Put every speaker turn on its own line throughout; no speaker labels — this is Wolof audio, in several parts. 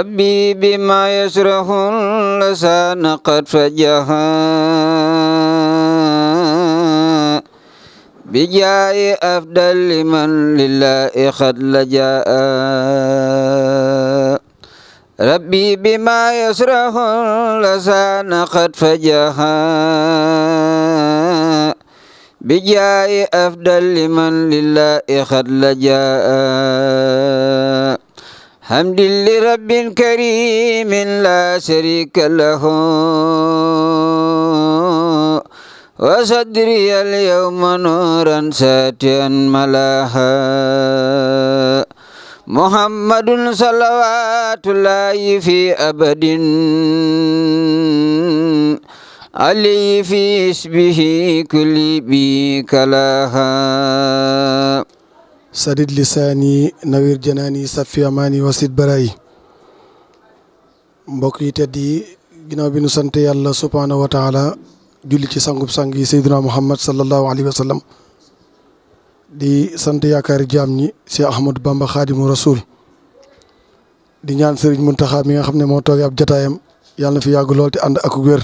ربي بما يشرح اللسان قد فجها بجاء أفضل من لله قد لجأ ربي بما يشرح اللسان قد فجها بجاء أفضل من لله قد لجأ حمد لرب كريم لا شريك له وصدري اليوم نورا ساتيا ملاها محمد صلوات الله في أبد علي في اسمه كل بي كلاها sadid lisaani
nawir janaani safi amaani wasid barayi mbokk yi tedd yi ginnaaw bi nu sant yàlla subhaanahu wa taala ci sangub sang yi sayduna muhammad sallallahu alayhi wa di sant yaakaari jaam ñi si ahmadou bamba xaadimu rasul di ñaan sëriñ muntaxa mi nga xam ne moo toogee ab jataayam yàlla na fi yàgg lool te ànd ak wér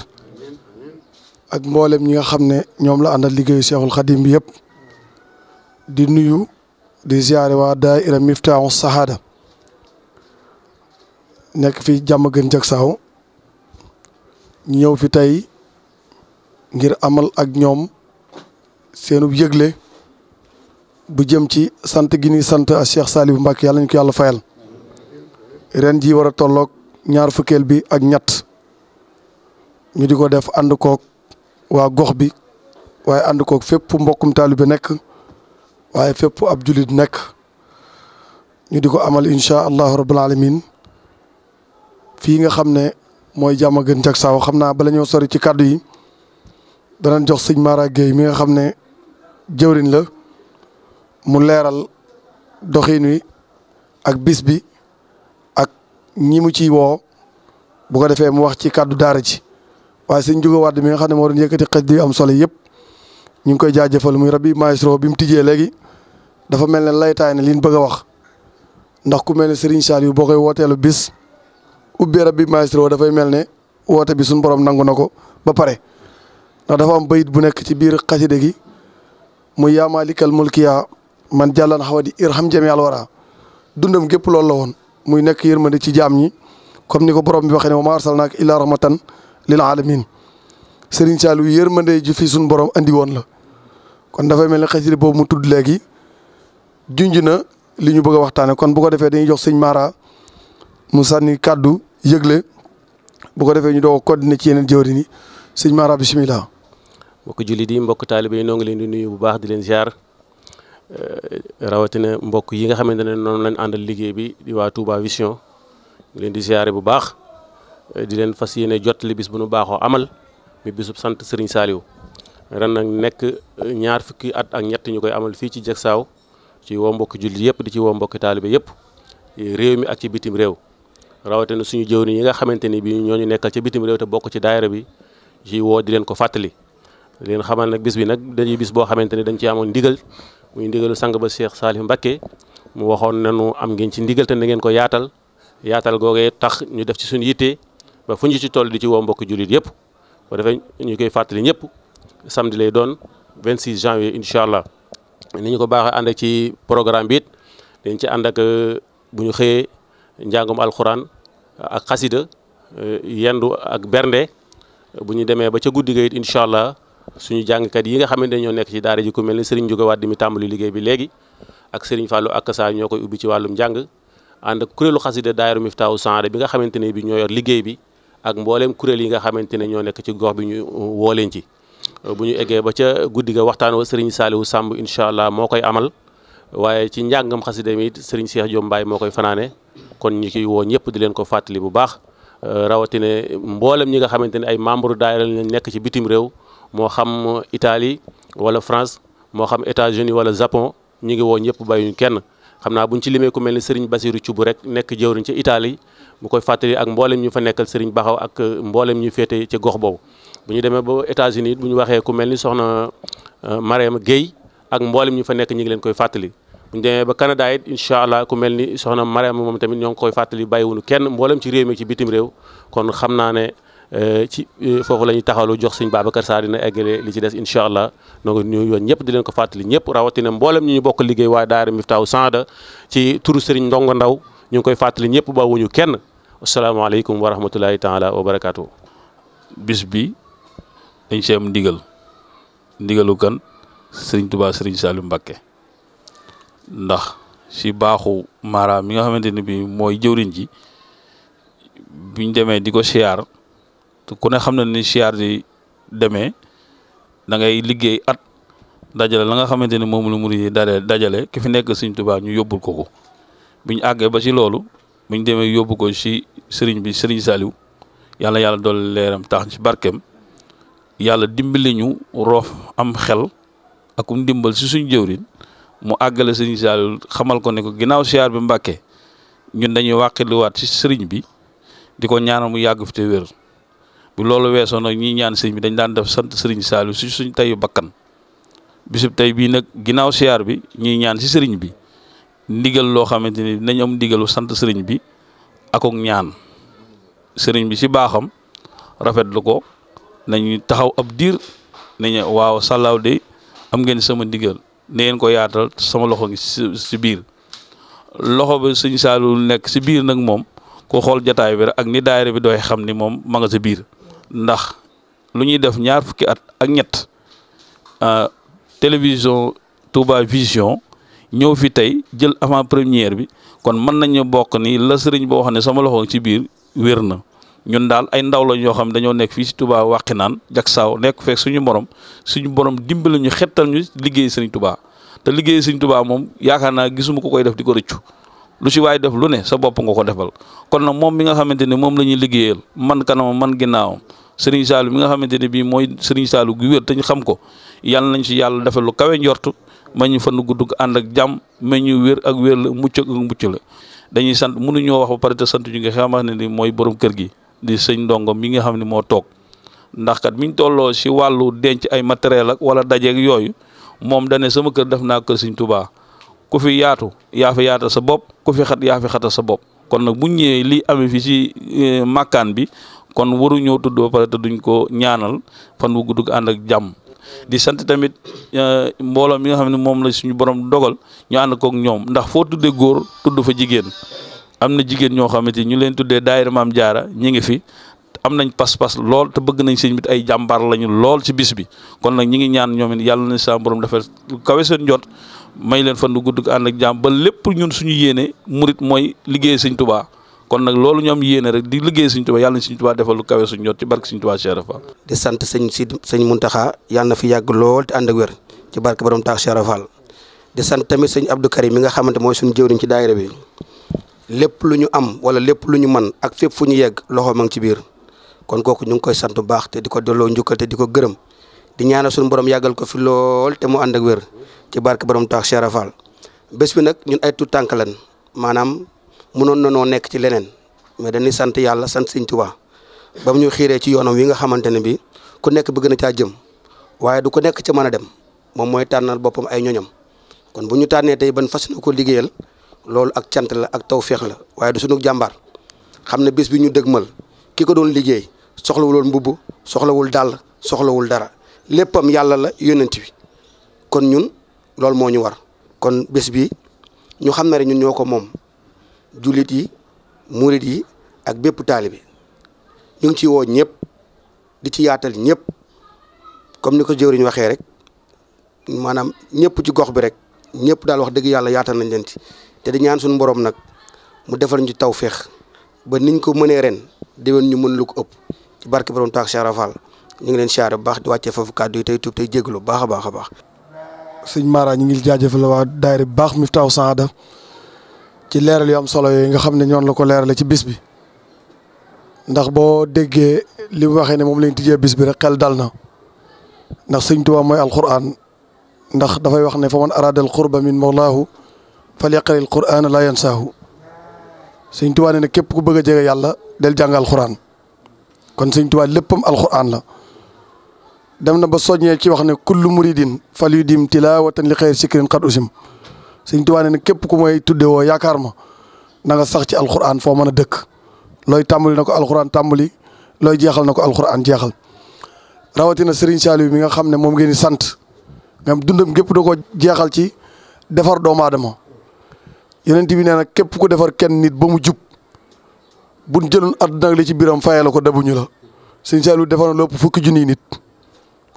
ak mboolem ñi nga xam ne ñoom la àndal liggéeyu seexul xadim bi di nuyu di ziare waa daaira Miftaahu Sahaada nekk fi jàmm gën jag ñëw fi tey ngir amal ak ñoom seenub yëgle bu jëm ci sant gi sant a Cheikh Saliou Mbacke yàlla ñu ko yàlla fayal ren ji war a tolloog ñaar fukkeel bi ak ñett ñu di ko def ànd koog waa gox bi waaye ànd koog fépp mbokkum taalibe nekk waaye fépp ab julit nekk ñu di ko amal incha allahu rabbul alamin fii nga xam ne mooy jàmm gën cak saaw xam naa bala ñoo sori ci kàddu yi danañ jox sëñ Mara Gueye mi nga xam ne jëwriñ la mu leeral doxin wi ak bis bi ak ñi mu ciy woo bu defee mu wax ci kàddu daara ji waaye sëñ Juga Wàdd mi nga xam ne moo doon yëkkati xaj di am solo yëpp ñu ngi koy jaajëfal muy rabi maestro bi mu tijjee léegi dafa mel ne laytaay ne liñ bëgg a wax ndax ku mel ne Serigne Saliou boo koy wooteelu bis ubbi rabbi maestro dafay mel ne woote bi suñu borom nangu na ko ba pare ndax dafa am bayit bu nekk ci biir xaside gi mu yaamaalikal mulkiya man jàllan xaw di di xam jami alwara dundam gépp loolu la woon muy nekk yërmande ci jaam ñi comme ni ko borom bi waxee ne wa ma arsalnaaka illaa rahmatan lil alamin Serigne Saliou yërmande ji fi suñu borom andi woon la kon dafay mel ne xaside boobu mu tudd léegi junj na li ñu bëgg a waxtaanee kon bu ko defee dañuy jox sëñ Mara mu sànni kàddu yëgle bu ko defee ñu doog a coordonné ci yeneen jëwriñ yi sëñ Mara bisimilah.
mbokk jullit di mbokk taalibe yi noo ngi leen di nuyu bu baax di leen ziar eh, rawatina mbokk yi nga xamante ne noonu lañ àndal liggéey bi di waa Touba leen di ziare bu baax eh, di leen fas yéene jottali bis bu nu baaxoo amal mi bisub sant Serigne Saliou ren nag nekk eh, ñaar fukki at ak ñett ñu koy amal fii ci saaw ci woo mbokki jullit yëpp di ci woo mbokki taalibe yëpp e réew mi ak ci bitim réew rawatina suñu jëwriñ yi nga xamante ni bi ñooñu nekkal ci bitim réew te bokk ci daayira bi ci woo di leen ko fàttali leen xamal nag bis bi nag dañuy bis boo xamante ni dañ ci amoon ndigal muy ndigalu sang ba Cheikh Salif Mbacké mu waxoon nañu am ngeen ci ndigal te ngeen ko yaatal yaatal googee tax ñu def ci suñu yitte ba fu ñu ci toll di ci woo mbokki jullit yëpp bu defee ñu koy fàttali ñëpp samedi lay doon 26 janvier incha allah ni ñu ko baaxee ànd ci programme bi dañ ci ànd ak euh, bu ñu xëyee njàngum alxuraan ak xasida euh, yendu ak bernde bu ñu demee ba ca guddi ga it incha allah suñu jàngkat yi nga xamante ñoo nekk ci daara ji ku mel ni Serigne Ndiouga Wade mi tàmbali liggéey bi léegi ak Serigne Fallou ak saa ñoo koy ubbi ci wàllum njàng ànd ak kuréelu xasida daayiru Miftaahu Saada bi nga xamante ne bi ñoo yor liggéey bi ak mbooleem kuréel yi nga xamante ne ñoo nekk ci gox bi ñu euh, woo ci. Euh, bu ñu eggee ba ca guddi ga waxtaan wa sëriñ wu Sàmb incha allah moo koy amal waaye ci njàngam xasida mi it sëriñ Cheikh Diop Mbaye moo koy fanaane kon ñi kiy woo ñëpp di leen ko fàttali bu baax euh, rawatine mboolem ñi nga xamante ne ay membre daayira lañ nekk ci bitim réew moo xam Italie wala France moo xam États-Unis wala Japon ñu ngi woo ñëpp bàyyiñu kenn xam naa buñ ci limee ku mel ni sëriñ Basiru Cubb rek nekk jëwriñ ca Italie mu koy fàttali ak mboolem ñu fa nekkal sëriñ Baxaw ak euh, mboolem ñu féete ca gox boobu bu ñu demee ba États-Unis bu ñu waxee ku mel ni soxna euh, Mariama Guèye ak mboolem ñu fa nekk ñi ngi leen koy fàttali bu ñu ba Canada it allah ku mel ni soxna Mariama moom tamit ñoo ngi koy fàttali bàyyiwunu kenn mboolem ci réew mi ci bitim réew kon xam naa ne euh, ci euh, foofu la ñuy taxawlu jox sëñ Babacar Sarr dina eggale li ci des incha allah donc ñu yoon ñëpp leen ko fàttali ñëpp rawatina mboolem ñi ñu bokk liggéey waaye daara Miftaahu Saada ci turu Serigne Ndongo Ndaw ñu ngi koy fàttali ñëpp ba kenn asalaamaaleykum wa rahmatulahi taala wa
barakaatu bis bi dañ ci ndigal ndigalu kan sëriñ Tuubaa sëriñ Saliou Mbacké ndax si baaxu maaraam mi nga xamante ni bii mooy jëwriñ ji biñ demee di ko siyaar ku ne xam na ni siyaar di demee dangay liggéey at dajale la nga xamante ni moom la murid yi dajale dajale ki fi nekk sëriñ Tuubaa ñu yóbbul ko ko biñ àggee ba si loolu buñ demee yóbbu ko si sëriñ bi sëriñ Saliou yàlla yàlla dool leeram tax ci barkeem yàlla dimbali ñu roof am xel akum dimbal si suñ jëwrin mu àggale sëriñ Saliou xamal ko ne ko ginnaaw siyaar bi Mbàkke ñun dañuy wàqiliwaat si sëriñ bi di ko ñaanal mu yàgg fu te wér bu loolu weesoo nag ñi ñaan sëriñ bi dañ daan def sant sëriñ Saliou suñ teyu bakkan bisub tey bii nag ginnaaw siyaar bi ñuy ñaan si sëriñ bi ndigal loo xamante ni dinañ am ndigalu sant sëriñ bi ak ñaan sëriñ bi si baaxam rafetlu ko. nañu taxaw ab diir nañu waaw sàllaaw de am ngeen sama ndigal ne ngeen ko yaatal sama loxo ngi si biir loxo bi sëñ Saalu nekk si biir nag moom ku xool jataay bi rek ak ni daayira bi dooy xam ni moom ma nga si biir ndax lu ñuy def ñaar fukki at ak ñett euh, télévision Touba Vision ñëw fi tey jël avant première bi kon mën nañu bokk ni la sëriñ boo xam ne sama loxo ci biir wér na ñun daal ay ndaw la ñoo xam dañoo nekk fii si Touba wàqi naan jak saaw nekk fekk suñu borom suñu borom dimbali ñu xettal ñu liggéey sëriñ tubaa te liggéey sëriñ tubaa moom yaakaar naa gisuma ko koy def di ko rëccu lu si waaye def lu ne sa bopp nga ko defal kon nag moom mi nga xamante ne moom la ñuy liggéeyal man kanamam man ginnaawam sëriñ Saalu mi nga xamante ne bii mooy sëriñ Saalu gu wér te ñu xam ko yàlla nañ si yàlla defal lu kawe njort ma ñu fan gudd ànd ak jàmm ma ñu wér ak wér la mucc mucc la dañuy sant mënuñoo wax ba pare te sant ñu nga xamante ne mooy borom kër gi di sëñ ndongo mi nga xam ne moo toog ndax kat ngi tolloo si wàllu denc ay matériel ak wala dajeeg yooyu moom dane sama kër def naa kër sëñ tubaa ku fi yaatu yaa fi yaata sa bopp ku fi xat yaa sa bopp kon nag bu ñëwee lii amee fi si eh, màkkaan bi kon waru ñëw tudd ba pare te duñ ko ñaanal fan wu gudd ànd ak jàmm di sant tamit eh, mbooloo mi nga xam ne moom la suñu borom dogal ñu ànd kook ñoom ndax foo tuddee góor tudd fa jigéen am na jigéen ñoo xamante ñu leen tuddee daayira maam jaara ñi ngi fi am nañ pas-pas lool te bëgg nañ sëñ bi ay jàmbaar lañu lool ci bis bi kon nag ñi ngi ñaan ñoom it yàlla na sa borom dafa kawe leen fan du gudd ko ak jàmm lépp ñun suñu yéene murit mooy liggéey sëñ tubaa kon nag loolu ñoom yéene rek di liggéey sëñ tubaa yàlla na sëñ tubaa defal lu kawe suñu njot ci barke sëñ tubaa Cheikh Fall fi yàgg lool te ànd ak wér
ci barke borom taax Cheikh Fall di sant tamit sëñ mi nga xamante mooy suñu jëwriñ ci daayira bi lépp lu ñu am wala lépp lu ñu man ak fépp fu ñu yegg loxo ma ngi ci biir kon kooku ñu ngi koy sant bu baax te di ko delloo njukkal te di ko gërëm di ñaanal suñu borom yàggal ko fi lool te mu ànd ak wér ci barke borom taax Cheikh Rafal bés bi nag ñun ay tuut tànk lan maanaam mënoon na noo nekk ci leneen mais dañuy sant yàlla sant Sëñ Tuubaa ba mu ñu xiiree ci yoonam wi nga xamante ne bi ku nekk bëgg na caa jëm waaye du ko nekk ca mën a dem moom mooy tànnal boppam ay ñoñam kon bu ñu tànnee tey ban fas ko liggéeyal loolu ak cant la ak tawféex la waaye du sunu jàmbaar xam na bés bi ñu dëgmal ki ko doon liggéey soxlawuloon mbubb soxlawul dàll soxlawul dara léppam yàlla la yónnent bi kon ñun loolu moo ñu war kon bés bi ñu xam ne rek ñun ñoo ko moom jullit yi murit yi ak bépp taalibe ñu ngi ci woo ñëpp di ci yaatal ñëpp comme ni ko jëwriñ waxee rek maanaam ñëpp ci gox bi rek ñëpp daal wax dëgg yàlla yaatal nañ leen ci te di ñaan suñu borom nag mu defal ñu taw feex ba niñ ko mënee ren déwén ñu mën lu ko ëpp ci barke borom taak Cheikh Rafal ñu ngi leen siyaare bu baax di wàccee foofu kàddu tey tuub tey jégalu baax a baax baax.
sëñ Mara ñu ngi jaajëfal waa daayira bu baax Miftahou Sahada ci leeral yu am solo yooyu nga xam ne ñoon la ko leerale ci bis bi ndax boo déggee li mu waxee ne moom lañ tijjee bis bi rek xel dal na ndax sëñ Tuubaa mooy alquran ndax dafay wax ne fa man araadal qurba moo mawlaahu fal yaqari alquraan laa yansaahu sëñ Tuubaa nee na képp ku bëgg a jege yàlla del jàng alxuraan kon sëñ Tuubaa léppam alxuraan la dem na ba soññee ci wax ne kullu muridin fal yu dim tilaawatan li xayr sikrin xad usim sëñ Tuubaa nee na képp ku may tudde woo yaakaar ma na nga sax ci alxuraan foo mën a dëkk looy tàmbali na ko alxuraan tàmbali looy jeexal na ko alxuraan jeexal rawatina Serigne Saliou mi nga xam ne moom ngeen di sant nga dundam gépp da ko jeexal ci defar doomu aadama yeneen bi nee na képp ku defar kenn nit ba mu jub buñ jëloon àdduna li ci biram fayee la ko dabuñu la sëñ Saliou defar na lépp fukki junni nit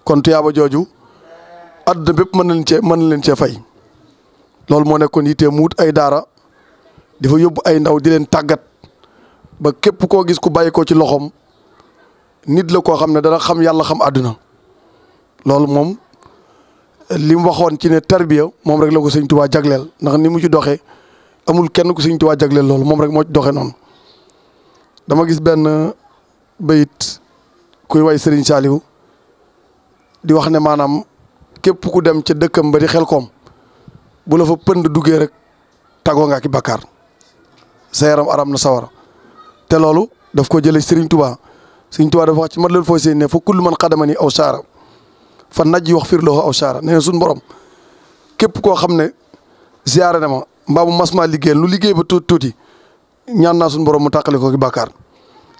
kon tuyaaba jooju àdduna bépp mën na leen cee mën na leen cee fay loolu moo nekkoon yittee mu wut ay daara di fa yóbbu ay ndaw di leen tàggat ba képp koo gis ku bàyyi ko ci loxoom nit la koo xam ne dana xam yàlla xam àdduna loolu moom li waxoon ci ne tarbiya moom rek la ko sëñ Tuubaa jagleel ndax ni mu ci doxee. amul kenn ku Sëriñ Tuubaa jagleel loolu moom rek moo ci doxee dama gis benn bayit kuy way Sëriñ Saaliw di wax ne maanaam képp ku dem ca dëkkam ba di xel koom bu la fa pënd duggee rek tagoo nga ki bakkaar sa yaram aram na sawara te loolu daf ko jëlee Sëriñ Tuubaa Sëriñ Tuubaa dafa wax ci mat leen foo seen ne fa kullu man xadamani aw saara fa naj yi wax firloo aw saara nee na suñu borom képp koo xam ne ziyaare na ma mbaam mu mas maa liggéeyal lu liggéey ba tuuti tuuti ñaan na suñu borom mu tàqale ko ki bàkkaar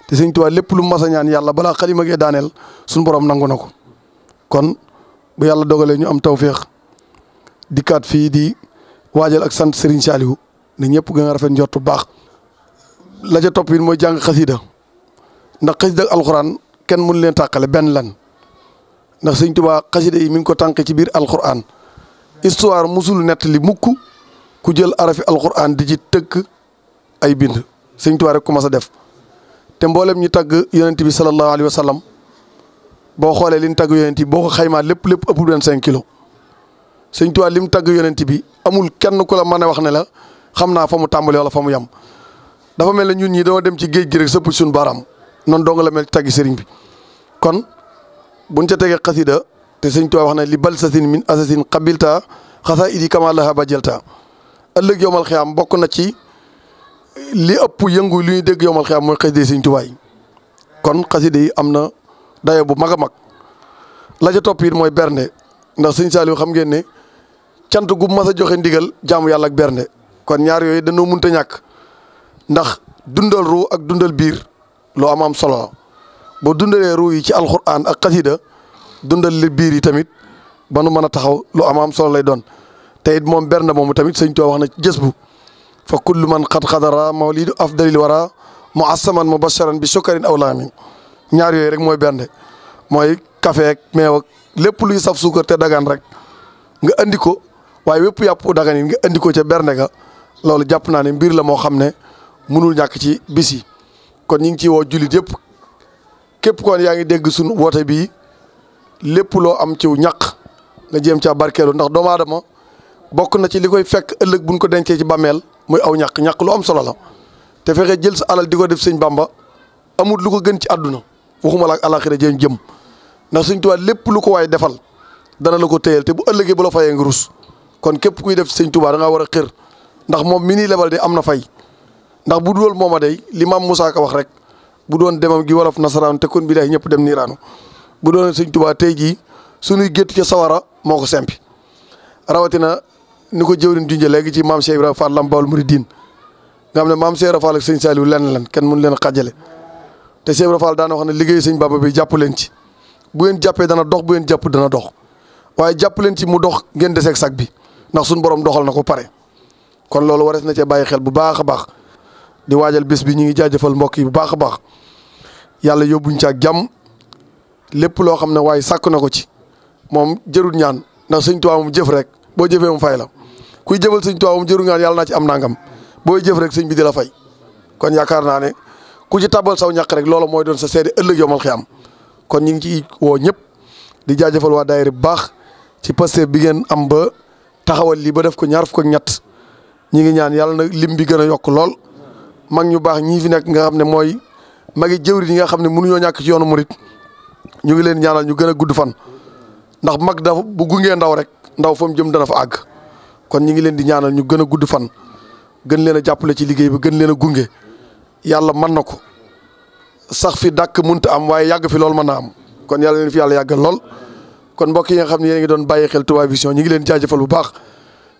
te sëñ Tuubaa lépp lu mas a ñaan yàlla balaa xalima gee daaneel suñu borom nangu na ko kon bu yàlla dogalee ñu am taw feex dikkaat fii di waajal ak sant Serigne Saliou ne ñëpp gën a rafet njort bu baax. laja ca topp it mooy jàng xasida ndax xasida ak alxuraan kenn mënu leen tàqale benn lan ndax sëñ Tuubaa xasida yi mi ngi ko tànk ci biir alxuraan histoire musul nett li mukk ku jël arafi alquran di ji tëkk ay bind sëñ Tuubaa rek commencé def te mboolem ñu tagg yonent bi sallallahu alayhi wa boo xoolee li tagg yonent bi boo ko xaymaa lépp lépp ëpp benn cinq kilos sëñ Tuubaa li tagg yonent bi amul kenn ku la mën a wax ne la xam naa fa mu tàmbali wala fa mu yem dafa mel ne ñun ñi doo dem ci géej gi rek sëpp suñu baaraam noon dong la mel ci taggi sëriñ bi kon buñ ca tegee xasida te sëñ wax ne li bal sasin min asasin qabilta xasaa idi kama laha bajelta ëllëg yomal xiyaam bokk na ci li ëpp yëngu li ñuy dégg yomal xiyaam mooy xasida Sëñ Tuubaa kon xasida yi am na dayo bu mag a mag la ca topp mooy bernde ndax Sëñ Saaliw xam ngeen ne cant gu mas a joxe ndigal jaamu yàlla ak bernde kon ñaar yooyu dañoo mënta ñàkk ndax dundal ruu ak dundal biir loo am am solo boo dundalee ruu yi ci alxuraan ak xasida dundal li biir yi tamit ba nu mën a taxaw lu am am solo lay doon te it moom bernde moom tamit sañ Tuubaa wax na ci jës bu fa kullu man xad xadara mawlidu afdalil wara mu asaman mu basharan bi sukarin aw laamin ñaar yooyu rek mooy bernde mooy kafe ak lépp luy saf suukar te dagan rek nga andi ko waaye wépp yàpp dagan yi nga andi ko ca bernde ga loolu jàpp naa ne mbir la moo xam ne munul ñàkk ci bisi yi kon ñu ngi ciy woo jullit yëpp képp kon yaa ngi dégg suñu woote bii lépp loo am ciw ñàq nga jéem caa barkeelu ndax doomu bokk na ci li koy fekk ëllëg buñ ko dencee ci bàmmeel mooy aw ñàq ñàq lu am solo la te fexe jël sa alal di ko def sëñ bamba amul lu ko gën ci àdduna waxuma la ak alaxira jëm jëm ndax sëñ Tuubaa lépp lu ko waay defal dana la ko téyal te bu ëllëgee bu la fayee nga rus kon képp kuy def sëñ Tuubaa da ngaa war a xër ndax moom mi nii lebal de am na fay ndax bu dul mooma dey li maam Moussa Ka wax rek bu doon demam gi wolof nasaraan te kon bi lay ñëpp dem niiraanu bu doon sëñ tey jii suñuy gétt ca sawara moo ko sempi rawatina ni ko jëwrin junjee léegi ci maam Cheikh Ibrahima Fall Lambaol Mouridine nga xam ne maam Cheikh Ibrahima Fall ak sëñ Saliou lenn lan kenn mun leen xajale te Cheikh Ibrahima Fall daana wax ne liggéey sëñ Baba bi jàpp leen ci bu ngeen jàppee dox bu ngeen jàpp dana dox waaye jàpp leen ci mu dox ngeen deseeg sag bi ndax suñu borom doxal na ko pare kon loolu warees na cee bàyyi xel bu baax a baax di waajal bés bi ñu ngi jaajëfal mbokk bu baax a baax yàlla yóbbuñ ci ak jàmm lépp loo xam ne waaye sàkk na ko ci moom jërul ñaan ndax sëñ Tuubaa moom jëf rek boo jëfee mu fay la kuy jëfal sëñ Tuubaa moom jëru ngaan ci am nangam booy jëf rek sëñ bi di la fay kon yaakaar naa ne ku ci tabal saw ñàq rek loola mooy doon sa seede ëllëg yomal xiyam kon ñu ngi ci ñëpp di jaajëfal waa daayira bu baax ci Pastef bi ngeen am ba taxawal lii ba def ko ñaar fukk ñett ñi ngi ñaan yàlla na lim bi gën a yokk lool mag ñu baax ñii fi nekk nga xam ne mooy magi jëwri yi nga xam ne mënuñoo ñàkk ci yoonu murit ñu ngi leen ñaanal ñu gën a gudd fan ndax mag dafa bu ngee ndaw rek ndaw fa mu jëm dana fa àgg kon ñu ngi leen di ñaanal ñu gën gudd fan gën leen a jàppale ci liggéey bi gën leen a gunge yàlla mën na ko sax fi dàkk munta am waaye yàgg fi lool mën na am kon yàlla leen fi yàlla yàggal lool kon mbokk yi nga xam ne yéen doon bàyyi xel Touba Vision ñu ngi leen jaajëfal bu baax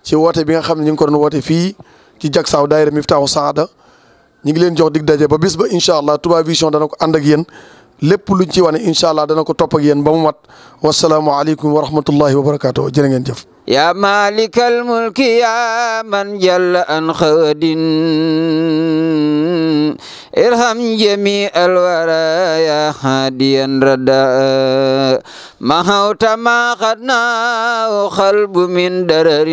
ci woote bi nga xam ne ko doon woote fii ci Jagsaaw daayira Miftaahu Saada ñu ngi leen jox dig daje ba bis ba incha allah Touba Vision dana ko ànd ak yéen lépp luñ ci wane incha allah dana ko topp ak yéen ba mu mat wasalaamualeykum wa rahmatullahi wa barakaatu jërë
ngeen jëf يا مالك الملك يا من جل عن خود ارحم جميع الورى يا هاديا ردا ما هوت ما قد ناو قلب من درر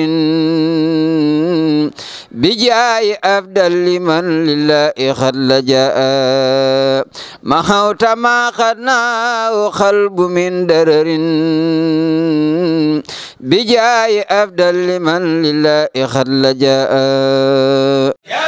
bijaayi afdal liman lillahi xad la jaa ma xawta ma xad naaw xalbu min dararin bijaayi afdal liman lillahi xad la jaa